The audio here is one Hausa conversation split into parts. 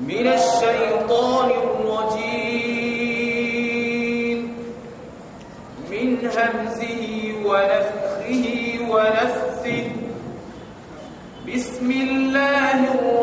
من الشيطان الرجيم من همزه ونفخه ونفثه بسم الله الرحمن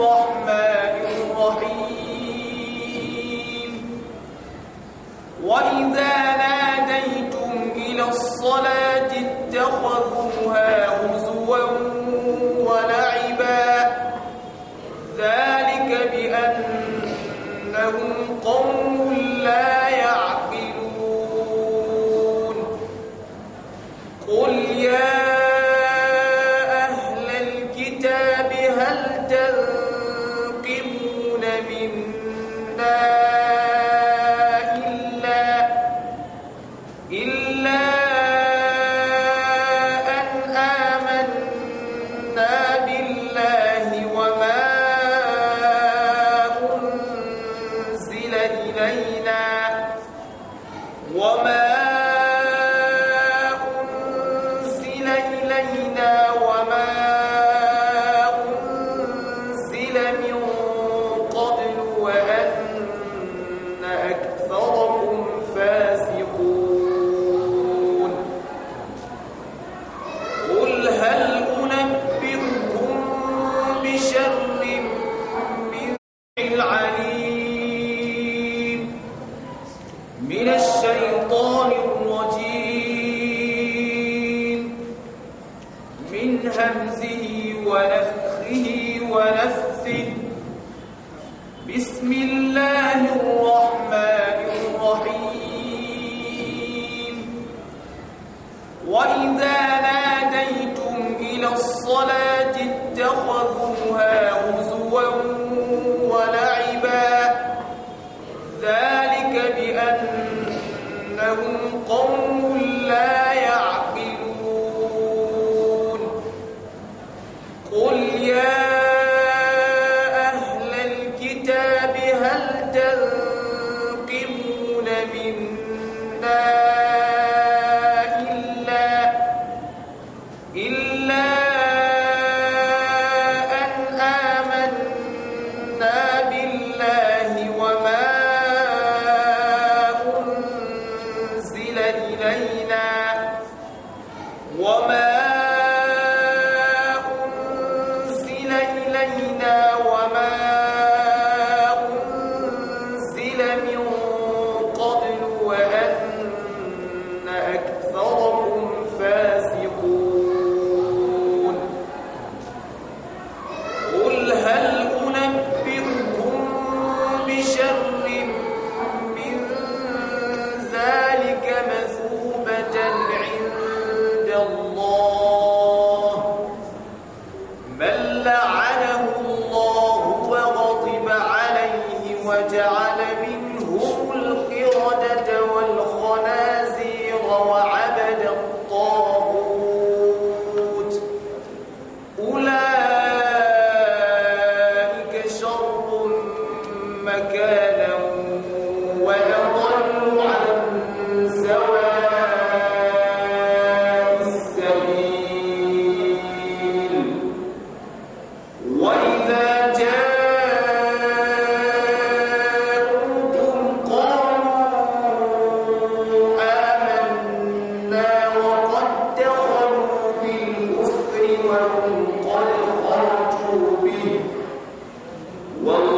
خلقت به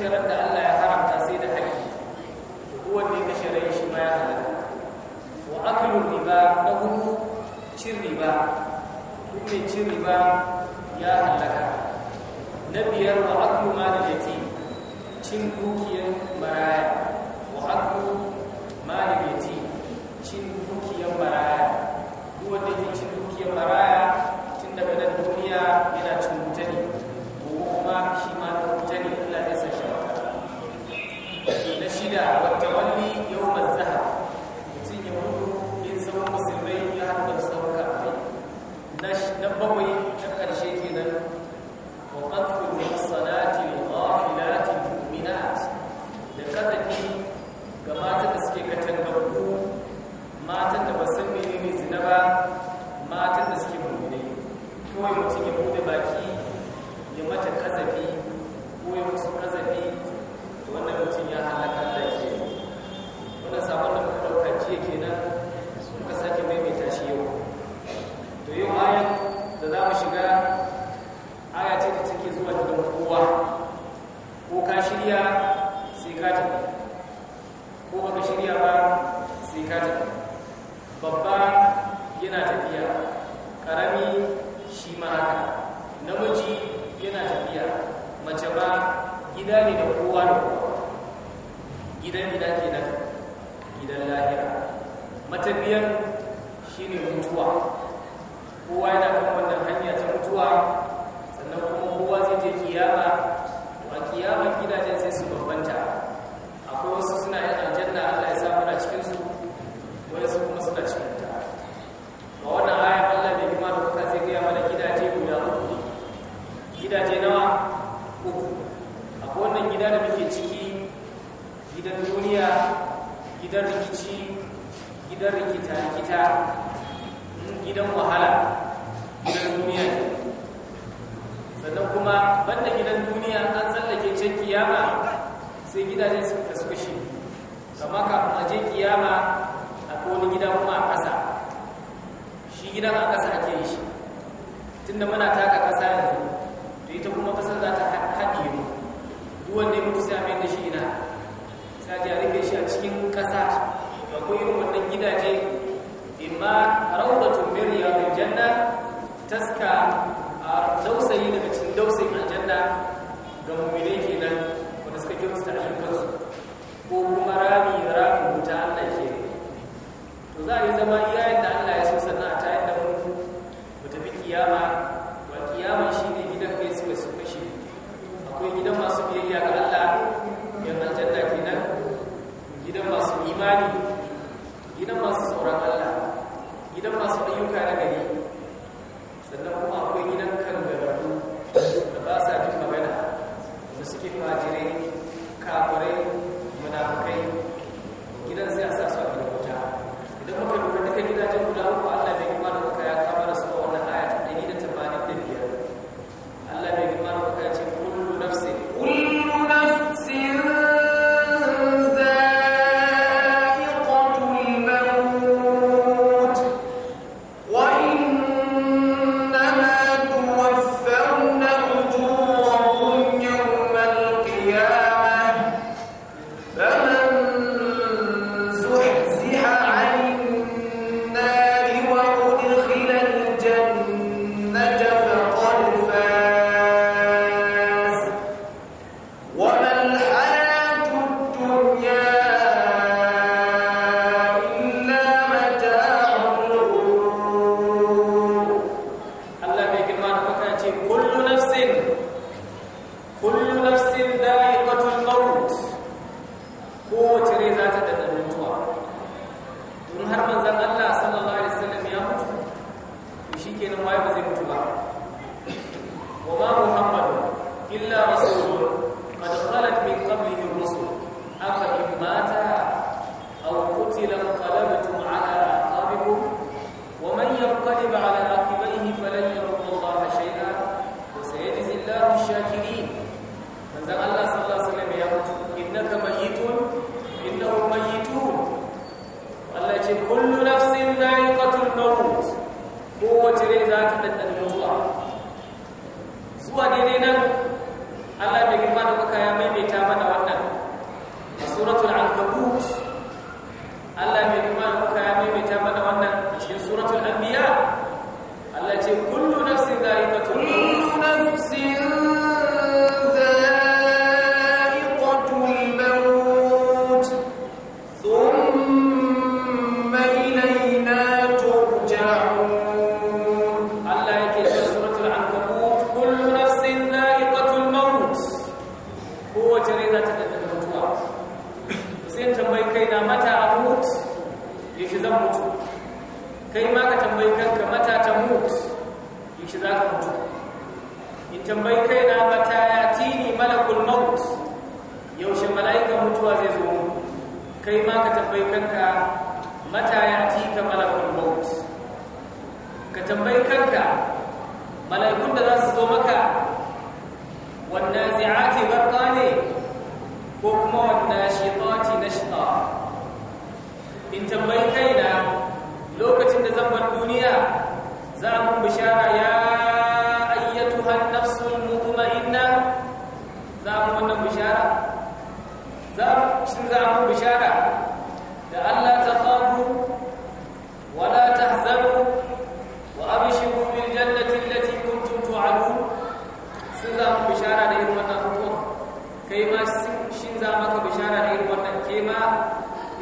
kashe ran da Allah ya haramta sai da haƙƙi kowanne ya kashe ran shi ma ya halaka wa akalun riba na hudu cin riba duk mai cin riba ya halaka na biyar wa akalu ma da yati cin dukiyar maraya wa akalu ma yati cin dukiyar maraya wanda ke cin dukiyar maraya tun daga nan duniya yana cin mutane ko kuma shi shida wata wani yau mazahar mutum ya mutu yin saman musulmai ya haɗu da sauran karfai na bakwai na ƙarshe kenan wa ƙarfi da salati wa ƙafilati mu'minat da kazafi ga mata da suke katangabu matan da ba san menene zina ba matan da suke mummune kawai mutum ya bude baki ya mata kazafi ko ya musu kazafi wannan mutum ya halaka da ke wannan sabon da muka ɗauka jiya kenan muka sake maimaita shi yau to yau bayan da za mu shiga aya ce da take zuwa da kowa ko ka shirya sai ka tafi ko ka shirya ba sai ka tafi babba yana tafiya ƙarami shi ma haka namiji yana tafiya mace ba gida ne da kowa da kowa gidan gida ke nan gidan lahira matafiyan shi ne mutuwa kowa yana kan wannan hanya ta mutuwa sannan kuma kowa zai je kiyama to a kiyaman gidajen sai su bambanta akwai wasu suna yin gidan rikici gidan rikita-rikita gidan wahala gidan duniya sannan kuma banda gidan duniya an tsallake can kiyama sai gidaje suka suka shi kama kafin aje kiyama a wani gida kuma a ƙasa shi gidan a ƙasa ake yi shi tunda muna taka ƙasa yanzu to ita kuma ƙasar za ta haɗe mu duk ya mutu sai a mai da shi ina sai a rufe shi kasa akwai irin wannan gidaje imma raudatun min da janna taska a dausayi daga cikin dausayin aljanna ga ke nan wanda suka kirkusta ayyukansu ko kuma rami rami wuta Allah ke to za a yi zama iya yadda Allah ya so sannan a tayar da mu mu tafi kiyama wa kiyama ne gidan kai suka su kashi akwai gidan masu biyayya ga Allah yan aljanna ke masu imani gidan masu tsoron Allah gidan masu ayyuka na gari sannan kuma akwai gidan kangararru da ba sa jin magana da suke fajirai kafirai munafukai gidan sai a sa su a gidan wuta idan muka lura duka gidajen guda uku Allah bai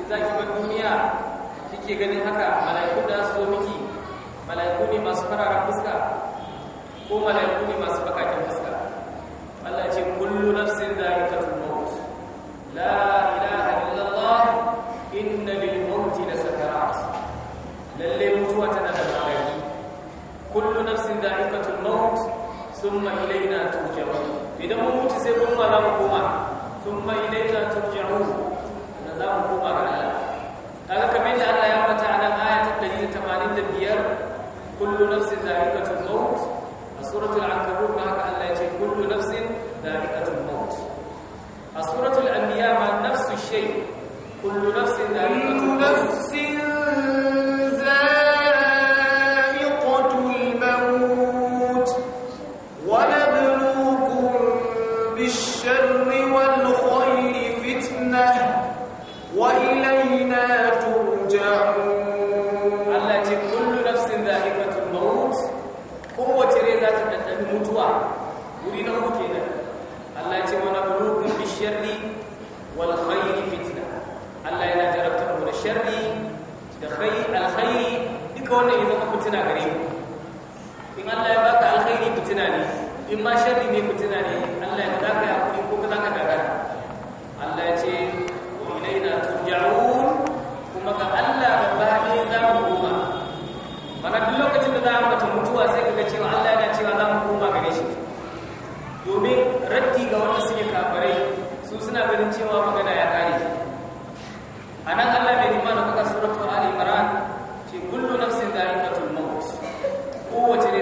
zaki bar duniya kike ganin haka mala'iku da su miki mala'iku ne masu fararen fuska ko mala'iku ne masu bakakin fuska Allah ce kullu nafsin za'iqatul maut la ilaha illallah inna lil mauti lasakarat lalle mutuwa tana da magani kullu nafsin za'iqatul maut thumma ilayna turja'un idan mun mutu sai mun fara mu koma thumma ilayna turja'un za mu koma ga Allah kaga kamar da Allah ya ambata a nan aya ta 185 kullu nafsin za'iqatul maut a suratul ankabut ma haka Allah ya ce kullu nafsin za'iqatul maut a suratul anbiya ma nafsu shay kullu nafsin za'iqatul maut duka wannan ya zama fitina gare mu in Allah ya baka alkhairi fitina ne in ma sharri ne fitina ne Allah ya zaka ya kuri ko ka zaka daga Allah ya ce wa ilaina turja'un kuma ga Allah babba ne za mu koma Bana duk lokacin da za mu mutu mutuwa sai kaga cewa Allah yana cewa za mu koma gare shi domin raddi ga wanda suke kafirai su suna ganin cewa magana ya kare anan Allah bai nima da kuka suratul ali imran ce kullu nafsin mala'ikatul maut kowace ne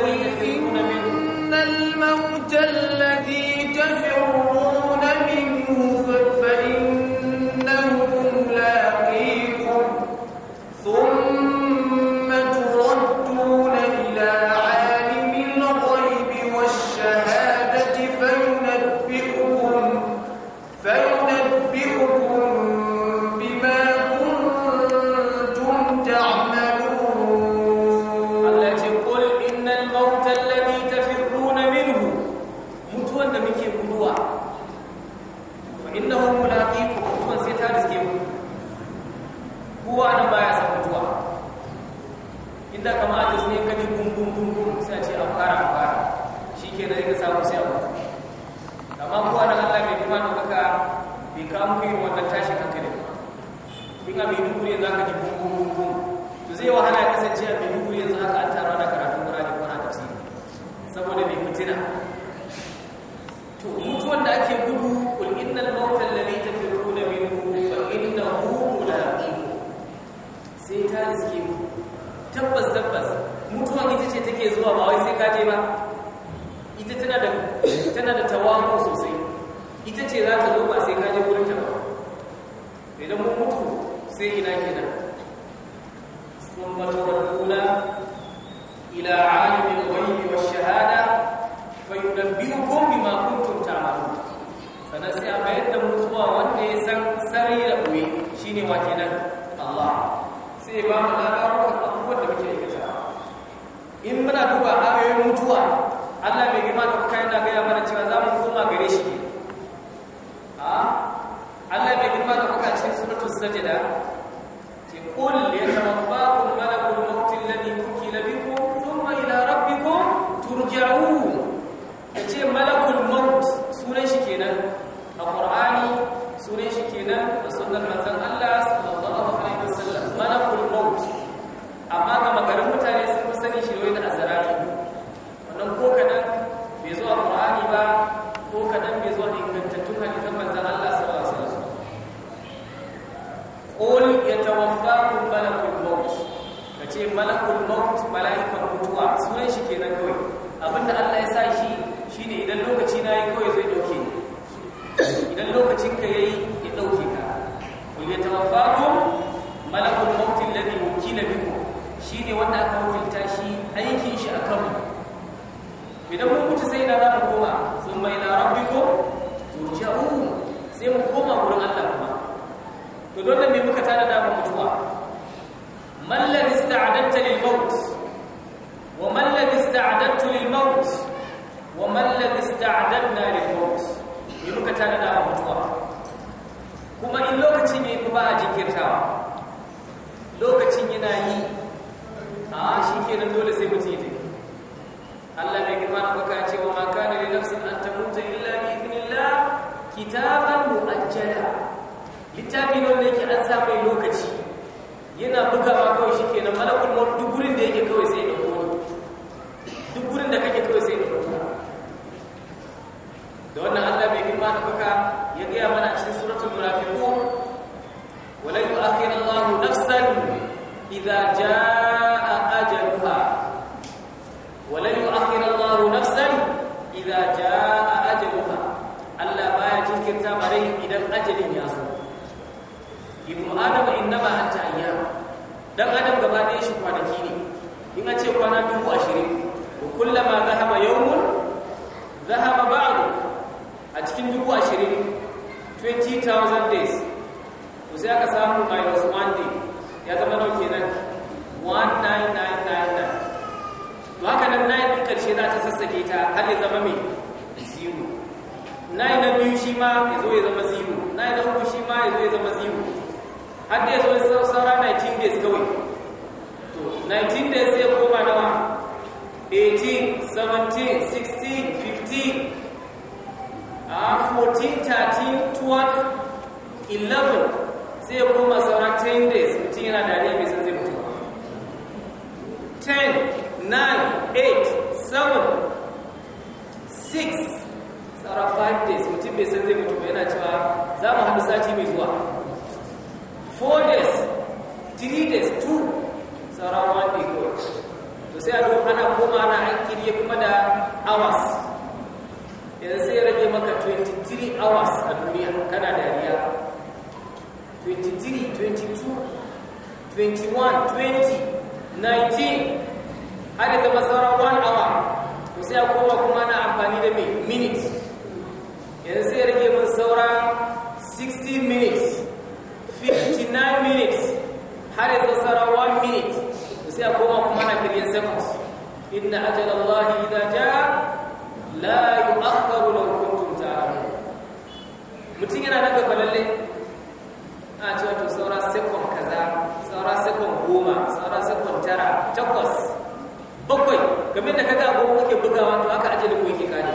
that we fayunabbiukum bima kuntum ta'malun sannan sai a mayar da mutuwa wanda ya san sarari da koyi shine wa nan. Allah sai ba mu labarukan abubuwan da muke aikata in muna duba ayoyin mutuwa Allah mai girma da kuka yana gaya mana cewa za mu koma gare shi ne Allah mai girma da kuka cikin suratul sajda ce qul yatawaffakum malakul maut alladhi kutiba bikum thumma ila rabbikum turja'un ya ce malakul maut sunan shi kenan a ƙwar'ani sunan shi kenan a sunan manzan Allah sallallahu alaihi wasallam malakul maut amma ga magarin mutane sun fi sani shi da azrari wannan ko kadan bai zo a ƙwar'ani ba ko kadan bai zo a ingantattun hadisan manzan Allah sallallahu alaihi wasallam qul yatawaffakum malakul maut kace malakul maut mala'ikan mutuwa sunan shi kenan kawai abinda Allah ya sa shi shine idan lokaci na yi kawai zai dauke idan lokacin ka yayi ya ɗauke ka kul yatawaffakum malakul maut alladhi wukila bikum shine wanda aka wakilta shi aikin shi a kanu idan mun mutu sai na za mu koma thumma ila rabbikum turja'un sai mu koma wurin Allah kuma to dole me muka tada wa mutuwa man ladhi lil ni muka يمكن da mutuwa kuma in ne ku ba a jinkirtawa lokacin yana yi a shikenan dole sai mutum ya Allah bai kuma baka ce wa ma kana li nafsin an tamuta illa bi idnillah kitaban muajjala littafin wanda yake an sa mai lokaci yana buga ma kawai shikenan malakul maut duk gurin da yake kawai sai da kowa duk gurin da kake kawai sai ɗaukaka ya gaya mana cikin suratul munafiqun walan Allahu nafsan idza jaa Allahu nafsan baya jinkirta bare idan ajalin ya zo ibnu adam dan adam gaba kwanaki ne in a ce kwana dubu kullama zahaba yawmun a cikin dubu ashirin 20,000 days ku sai aka samu minus one day ya zama nau kenan 1999 ba ka nan nine ɗin ƙarshe za ta sassake ta har ya zama mai zero na yi na biyu shi ma ya zo ya zama zero na yi na uku shi ma ya zo ya zama zero har da ya zo ya saura 19 days kawai to 19 days ya koma nawa 18 17 16 15 14, 13, 12, 11 sai kuma saura 10 days mutum yana dariya mai zai mutum. 10, 9, 8, 7, 6 saura 5 days mutum bai san zai mutum yana cewa za mu haɗu sati mai zuwa 4 days 3 days 2 saura 1 day kawai to sai a duk ana koma ana an kirye kuma da hours yanzu sai ya rage maka 23 hours a duniya kana dariya 23 22 21 20 19 har da zama sauran 1 hour to sai ya koma kuma na amfani da minute yanzu sai ya rage mun sauran 60 minutes 59 minutes har da sauran 1 minute to sai ya koma kuma na 3 seconds inna ajalallahi idza jaa la yu'akhkharu law kuntum ta'lamun mutum yana daga balalle a cewa to saura sekon kaza saura sekon goma saura sekon tara takwas bakwai kamar da kaga agogo kake bugawa to aka ajali ko yake kare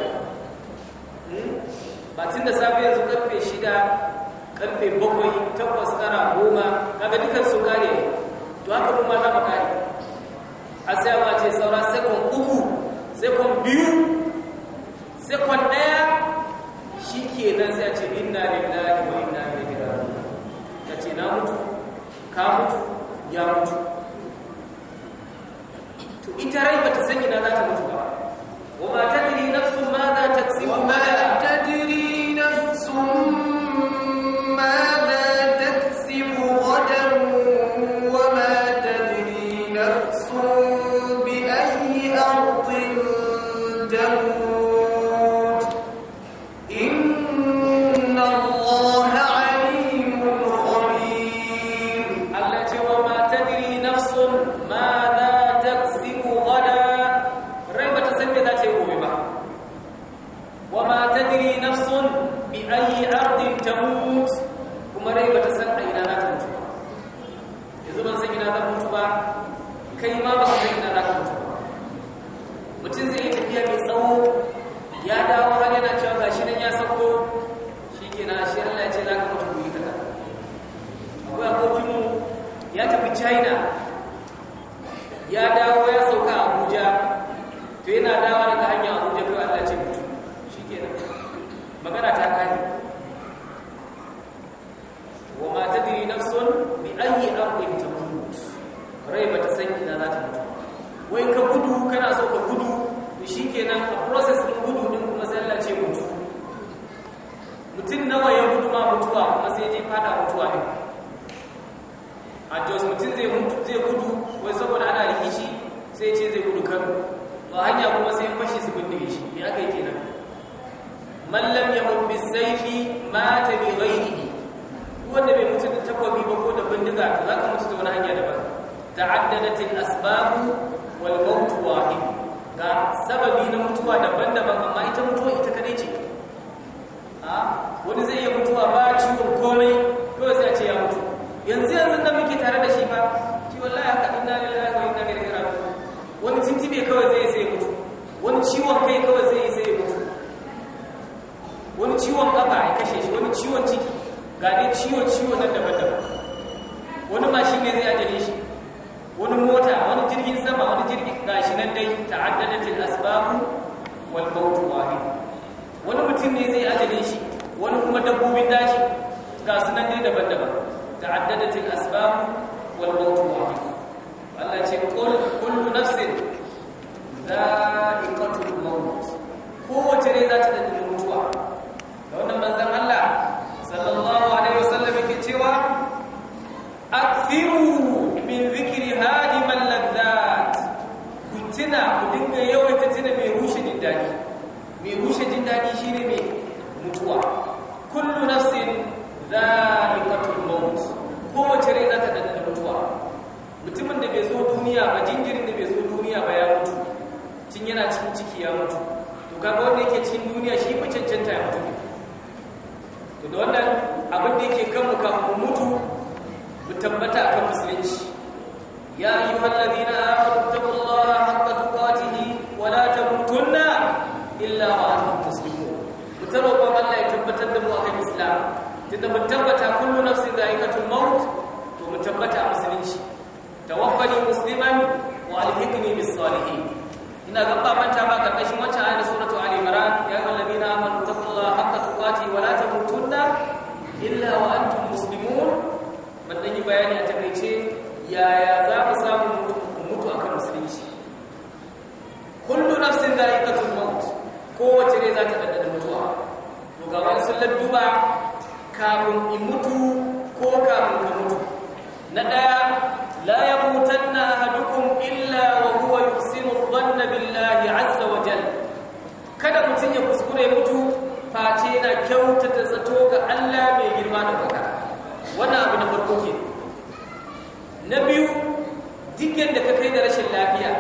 ba tun da safe yanzu karfe shida karfe bakwai takwas tara goma kaga dukan sun kare to aka mu ma za mu kare a sai a ce saura sekon uku sekon biyu sekon ɗaya shi ke nan sai a ce inna lillahi wa inna ilaihi raji'un ka ce na mutu ka mutu ya mutu to ita rai bata san ina za ta mutu ba wa ma tadri nafsun ma za ta tsibu ma kana so ka gudu to kenan a process din gudu din kuma sai Allah ce mutu mutum nawa ya gudu ma mutuwa kuma sai je fada mutuwa ne a jos mutum zai mutu zai gudu wai saboda ana rikici sai ce zai gudu kan to hanya kuma sai fashi su gudu shi me aka yi kenan man lam yamut bisayfi mata bi ghayrihi wanda bai mutu da takwabi ba ko da bindiga to zaka mutu da wani hanya daban ta'addadatil al-asbab wal mautu wahid ga sababi na mutuwa daban-daban amma ita mutuwa ita kadai ce da yake kanmu kafin mutu mu tabbata akan musulunci ya ayyuhal ladina amanu taqullaha haqqa tuqatihi wa la tamutunna illa wa antum muslimun mu tarwa Allah ya tabbatar da mu akan islam tunda mu tabbata kullu nafsin dha'iqatul maut to mu tabbata musulunci tawaffani musliman wa alhiqni bis salihin ina ga babanta ba karkashin wacce ayatu suratu ali imran ya ayyuhal ladina amanu taqullaha haqqa tuqatihi wa la tamutunna illa wa antum muslimun ban dan yi bayani a yaya za mu samu mutu akan musulunci kullu nafsin da'iqatul maut kowace ne za ta daddada mutuwa to ga wani sun ladduba kafin in mutu ko kafin ka mutu na ɗaya la yamutanna ahadukum illa wa huwa yuhsinu dhanna billahi azza wa jalla kada mutun ya kuskure mutu face yana kyautata zato ga Allah mai girma da baka wannan abu na farko ke na biyu diyan da ka kai da rashin lafiya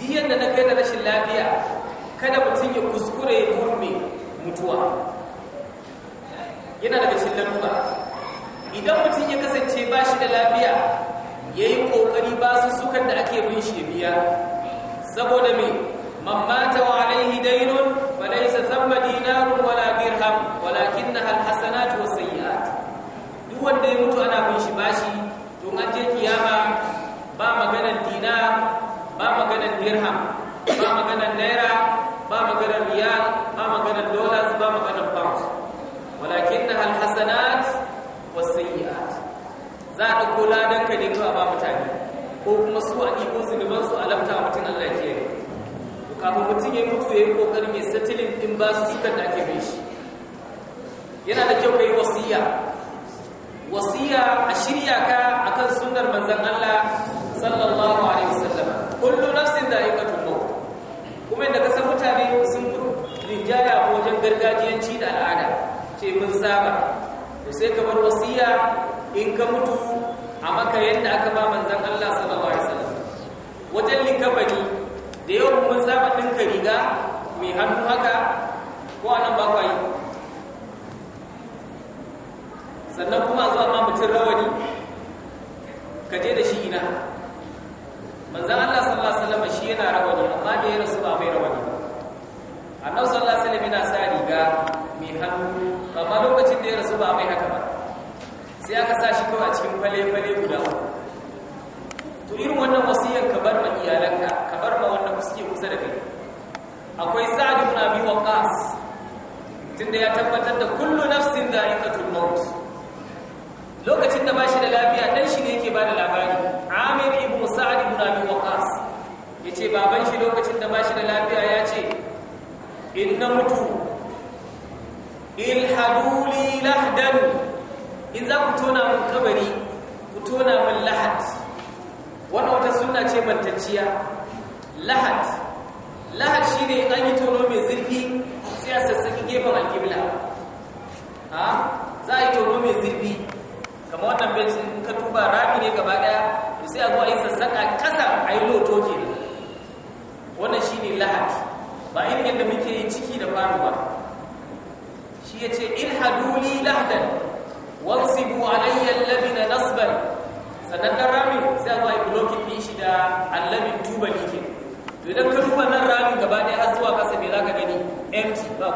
diyan da na kai da rashin lafiya kada mutum ya kuskure ya gurme mutuwa yana daga cikin lalura idan mutum ya kasance ba shi da lafiya ya yi ƙoƙari ba su sukan da ake bin shi biya saboda mai mamata wa alaihi dainun laysa thamma dinarun wala dirham walakinnaha alhasanat wasayyi'at duk wanda ya mutu ana bin shi bashi don an je kiyama ba maganar dinar ba maganar dirham ba maganar naira ba maganar riyal ba maganar dollars ba maganar pounds walakinnaha alhasanat wasayyi'at za a dauko ladan ka ne kawai ba mutane ko kuma su a iko su a lafta mutum Allah ke yi kafin mutum ya mutu ya yi kokarin ya satilin in ba su suka da ake bai shi yana da kyau ka yi wasiya wasiya a shirya ka a akan sunar manzan Allah sallallahu alaihi wasallam kullum nafsin ka maut kuma inda kasan mutane sun rinjaya wajen gargajiyanci da al'ada ce mun saba to sai ka bar wasiya in ka mutu a maka yadda aka ba manzan Allah sallallahu alaihi wasallam wajen likafani da yau mun saba ɗinka riga mai hannu haka ko a nan bakwai sannan kuma zuwa ma mutum rawani ka je da shi ina manzan Allah sallallahu Alaihi wasallam shi yana rawani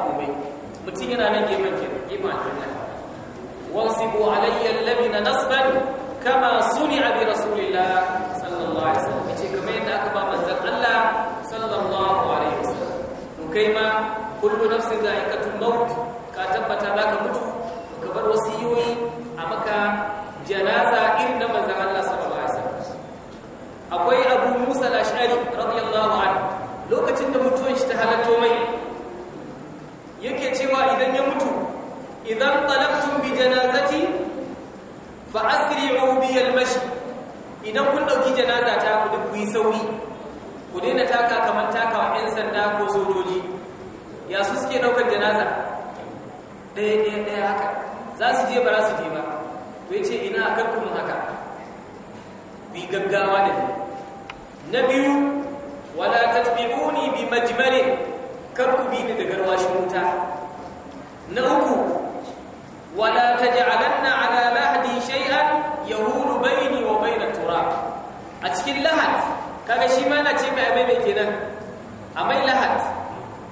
komai mutum yana nan gefen kenan gefen aljanna wansibu alayya alladhina nasban kama suni'a bi rasulillah sallallahu alaihi wasallam yace kamar yadda aka ba manzon Allah sallallahu alaihi wasallam to kai ma kullu nafsin za'iqatul maut ka tabbata zaka mutu ka bar wasiyoyi a maka janaza irin na manzon Allah sallallahu alaihi wasallam akwai Abu Musa al-Ash'ari radiyallahu anhu lokacin da mutuwan shi ta halatto mai cewa idan ya mutu idan talabtum bi janazati fa asri'u bi al-mashi idan kun dauki janaza ta ku duk yi sauri ku daina taka kamar wa yan sanda ko sojoji ya su suke daukar janaza ɗaya ɗaya ɗaya haka za su je ba za su je ba to ce ina a karku mun haka bi gaggawa da na biyu wala tatbi'uni bi majmalin ku bi ni da garwashin wuta na uku wala ta taj'alanna ala shai'an shay'an yahulu baini wa bayna turab a cikin lahad kaga shi ma na ce mai mai kenan a mai lahad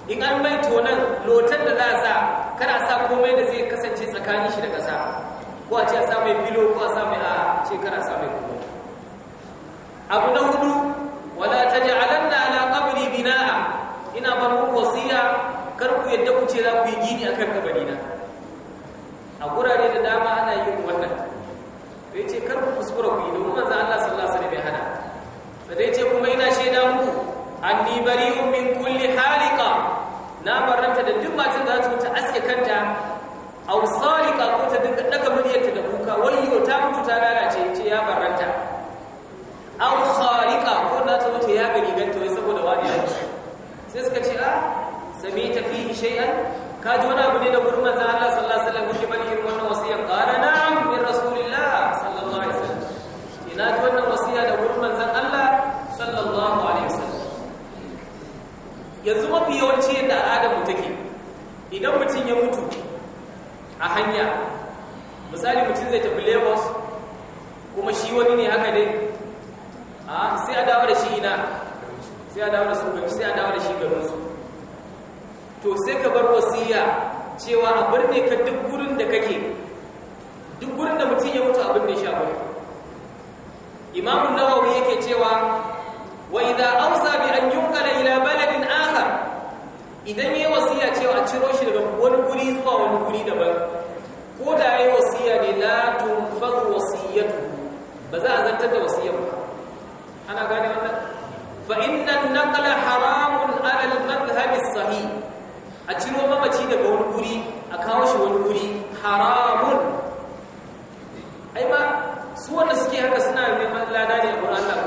in an mai tonan lotan da za a sa kada a sa komai da zai kasance tsakanin shi da kasa ko a ce a sa mai filo ko a sa mai a ce sa mai komai abu na hudu kanta ausali ka ko ta dinga daga muryarta da kuka wayyo ta mutu ta lalace ce ya baranta aw kharika ko da ta mutu ya gani ganta wai saboda wani yanki sai suka ce a ah, sami ta fi shay'an ka ji wani abu ne da gurin manzon Allah sallallahu idan mutum ya mutu a hanya misali mutum zai tafi lagos kuma shi wani ne haka ne sai a dawo da shi ina sai a dawo da su sai a dawo da shi garinsu to sai ka bar wasiya cewa a birne ka duk gurin da kake duk gurin da mutum ya mutu abin ya sha bari imamun nawawi yake cewa wa idza idan yayi wasiya cewa a ciro shi daga wani guri zuwa wani guri daban ko da yayi wasiya ne na tunfadhu wasiyyatu? ba za a zartar da wasiyyar ba ana gane wannan fa na an haramun alal al-madhhab as-sahih a ciro mamaci daga wani guri a kawo shi wani guri haramun ai ma su wanda suke haka suna neman lada ne a wurin Allah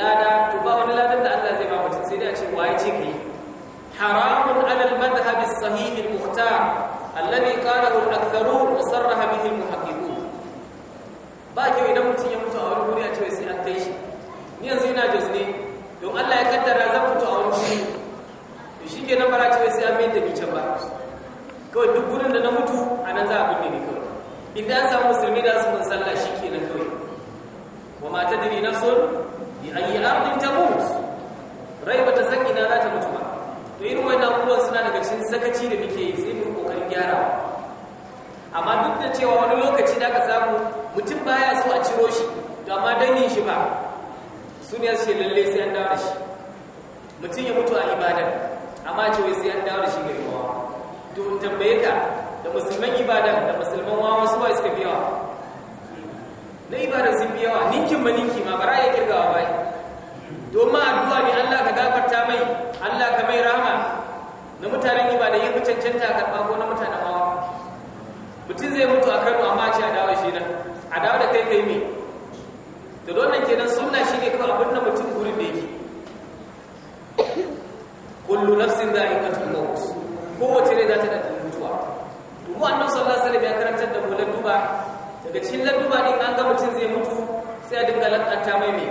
lada to ba wani ladan da Allah zai ba mutum sai dai a ce waye ce ka yi. حرام على المذهب الصحيح المختار الذي قاله الأكثرون وصرح به المحققون باكي إذا متي يموت أول غوري أتوي سي أتيش ni yanzu ina jos ne don Allah ya kaddara zan mutu a wani shi to shi ke nan bara ce sai an mai da ni ba kawai duk gurin da na mutu a nan za a binne ni kawai inda an samu musulmi da su mun sallah shi ke nan kawai wa ma tadri nafsun bi ayi ardin tamut rai bata san ina za ta mutu ba to irin wannan abubuwan suna daga cikin sakaci da muke yi sai mun kokarin gyara amma duk da cewa wani lokaci da aka samu mutum baya so a ciro shi to amma yin shi ba su ne su lalle sai an dawo da shi mutum ya mutu a ibadan amma ce wai sai an dawo da shi gari wawa to in tambaye ka da musulman ibadan da musulman wawa su ba su ka biyawa. na ibadan sun biyawa ninkin ma ninki ma ba ra'ayi kirgawa bai domin addu'a ne Allah ka gafarta mai Allah ka mai rahama na mutanen ba da yi cancanta a karɓa ko na mutanen hawa mutum zai mutu a kano amma ce a dawo shi nan a dawo da kai kai me da wannan kenan sunna shi ne kawai abin da mutum gurin da yake kullu nafsin za'iqatul maut kowace ne za ta da mutuwa to annabi sallallahu alaihi wasallam ya karantar da mu ladduba daga cikin ladduba ne an ga mutum zai mutu sai a dinga lakanta mai me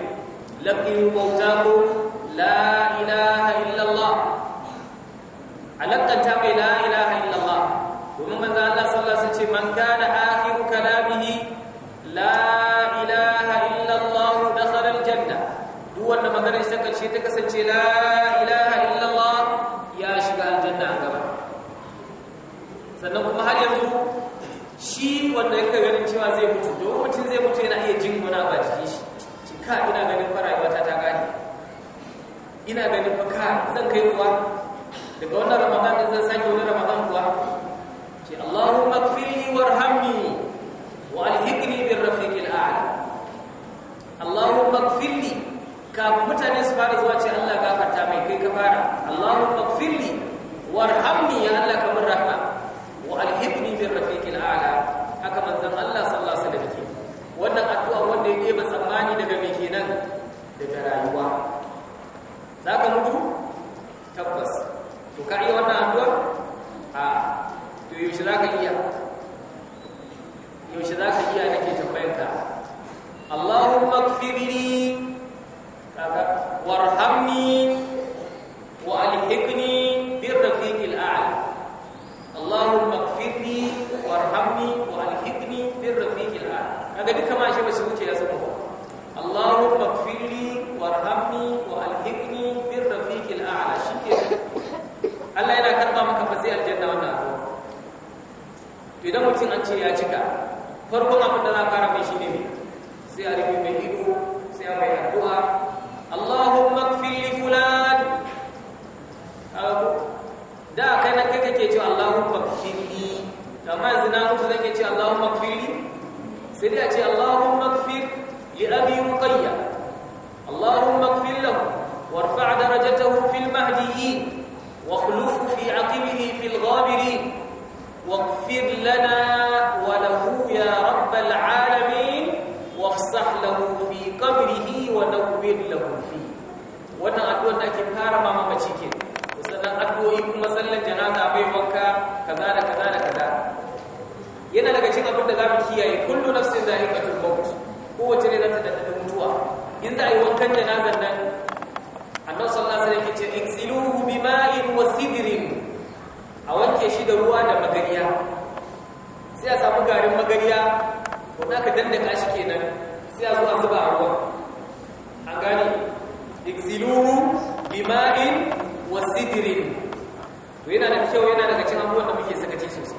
لقوا موتاكم لا إله إلا الله علاقة تامي لا إله إلا الله ومن ذا الله صلى الله عليه وسلم من كان آخر كلامه لا إله إلا الله دخل الجنة دون ما غير سكن شيء تكسن لا إله إلا الله يا شغال الجنة أنغبا sannan kuma har yanzu shi wanda yake ganin cewa zai mutu domin mutum zai mutu yana iya jin wani abaji ka ina ganin fa rayuwata ta gani ina ganin fa ka zan kai kuwa daga wannan ramadan din zan sake wani ramadan kuwa ce Allahumma kfirli warhamni wa alhiqni bir rafiqil a'la Allahumma kfirli ka mutane su fara zuwa ce Allah gafarta mai kai ka fara Allahumma kfirli warhamni ya Allah kamar rahma wa alhiqni bir rafiqil a'la daga rayuwa za ka mutu tabbas to ka iya wannan addu'ar a to yaushe za ka iya yaushe za ka iya nake tambayanka Allahumma gfirli warhamni wa alhiqni bir rafiqil a'la Allahumma gfirli warhamni wa alhiqni bir rafiqil a'la kaga duka ma shi ba su اللهم اغفر لي وارحمني والحقني بالرفيق الاعلى شكرا Allah yana karba maka fa sai aljanna wannan abu to idan mutum an ce ya cika farkon abin da za ka fara mai ne sai a rufe mai ido sai a mai addu'a Allahumma ighfir fulan da kai na kai kake cewa Allahumma ighfir li amma yanzu na mutu zan ke ce Allahumma ighfir sai dai a ce Allahumma ighfir لأبي رقية اللهم اغفر له وارفع درجته في المهديين واخلفه في عقبه في الغابرين واغفر لنا وله يا رب العالمين وافسح له في قبره ونور له فيه wannan addu'ar da ake fara ma mamaci ke sannan addu'o'i kuma sallar janaza bai wanka kaza da kaza da kaza yana daga cikin abin da za mu kiyaye kullu nafsin za'iqatul maut kowace ne za ta dandana mutuwa in za a yi wankan janazan nan annabi sallallahu alaihi wasallam yake ce bi ma'in wa sidrin a wanke shi da ruwa da magariya sai a samu garin magariya ko da ka dandaka shi kenan sai a zo a zuba a ruwan an gane bi ma'in wa sidrin to yana da kyau yana daga cikin abubuwan da muke sakaci sosai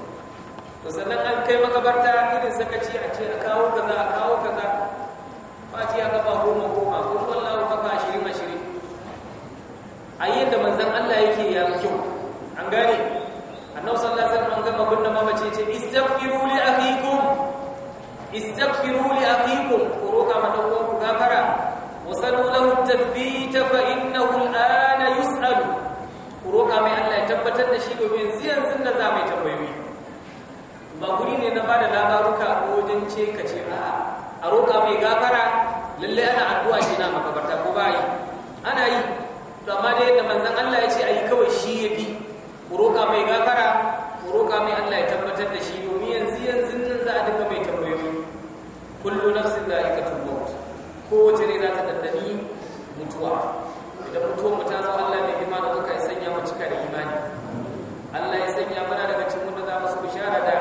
to sannan an kai makabarta irin sakaci a ce a kawo kaza a kawo kaza fatiha kafa goma goma kun wallahu kafa ashirin ashirin yadda manzan Allah yake ya kyau an gane annabi sallallahu alaihi wasallam an gama binne mamace ce istaghfiru li akhikum istaghfiru li akhikum ku roka ma dan uwanku gafara wasalu lahu tathbit fa innahu al-ana ku roka mai Allah ya tabbatar da shi domin yanzu da za mai tambayoyi ba guri ne na bada labaruka ko wajen ce ka ce a a roƙa mai gafara lalle ana addu'a shi na makabarta ko ba yi ana yi amma dai da manzon Allah ya ce ayi kawai shi yafi ku roƙa mai gafara ku mai Allah ya tabbatar da shi domin yanzu yanzu nan za a dinga mai tambayoyi kullu nafsin da'ikatul maut kowace ne za ta daddani mutuwa idan mutuwar mu ta zo Allah ne kuma da kuka ya sanya mu cika da imani Allah ya sanya mana daga cikin wanda za mu su bishara da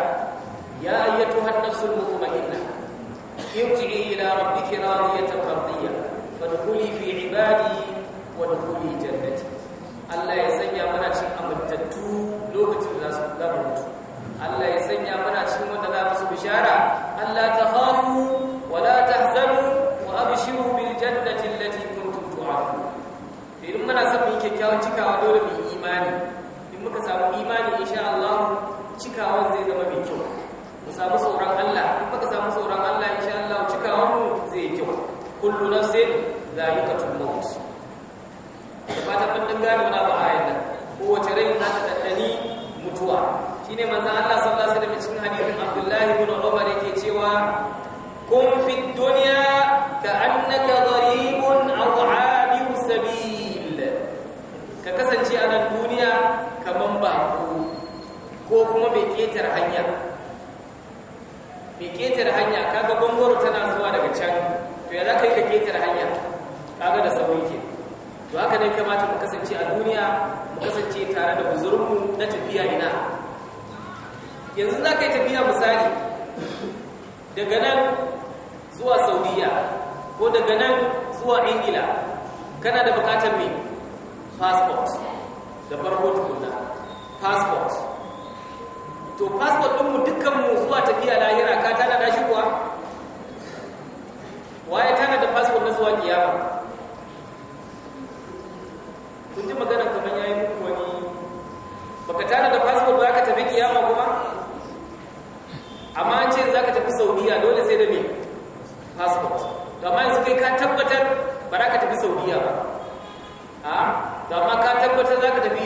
ya ayyatu hannafsul mu'minna ارجعي إلى ربك راضية مرضية فادخلي في عبادي وادخلي جنتي Allah ya sanya mana cin amintattu lokacin da su ga mutu Allah ya sanya mana cin wanda za su bishara Allah ta hafu wa la tahzanu wa abshiru bil jannati allati kuntum tu'adu idan muna son mu yi cikawa dole mu imani in muka samu imani insha Allah cikawa zai zama mai kyau samu tsoron Allah in baka samu tsoron Allah insha Allah cika mu zai yi kyau kullu nafsin za'iqatul maut da ta mun dan gane wannan ayat nan kowace rai za ta daddani mutuwa shine manzon Allah sallallahu alaihi wasallam cikin hadisin Abdullah ibn Umar yake cewa kun fi dunya annaka gharibun aw aabiu sabil ka kasance a nan duniya kaman ba ko kuma bai ketar hanya mai ketare hanya kaga gwangwaro tana zuwa daga can to ya za ka yi ka ketare hanya kaga da sabon ke to haka ne kamata mu kasance a duniya mu kasance tare da buzurmu na tafiya ina yanzu za ka yi tafiya misali daga nan zuwa saudiya ko daga nan zuwa ingila kana da bukatar mai passport da farko tukunna passport to passport ɗinmu dukkanmu zuwa tafiya lahira ka tana da shi kuwa waye tana da passport na zuwa kiyama kun ji magana kamar yayi muku wani baka tana da passport ba ka tafi kiyama kuma amma an ce za ka tafi saudiya dole sai da me passport amma yanzu kai ka tabbatar ba za ka tafi saudiya ba a ah, amma ka tabbatar za ka tafi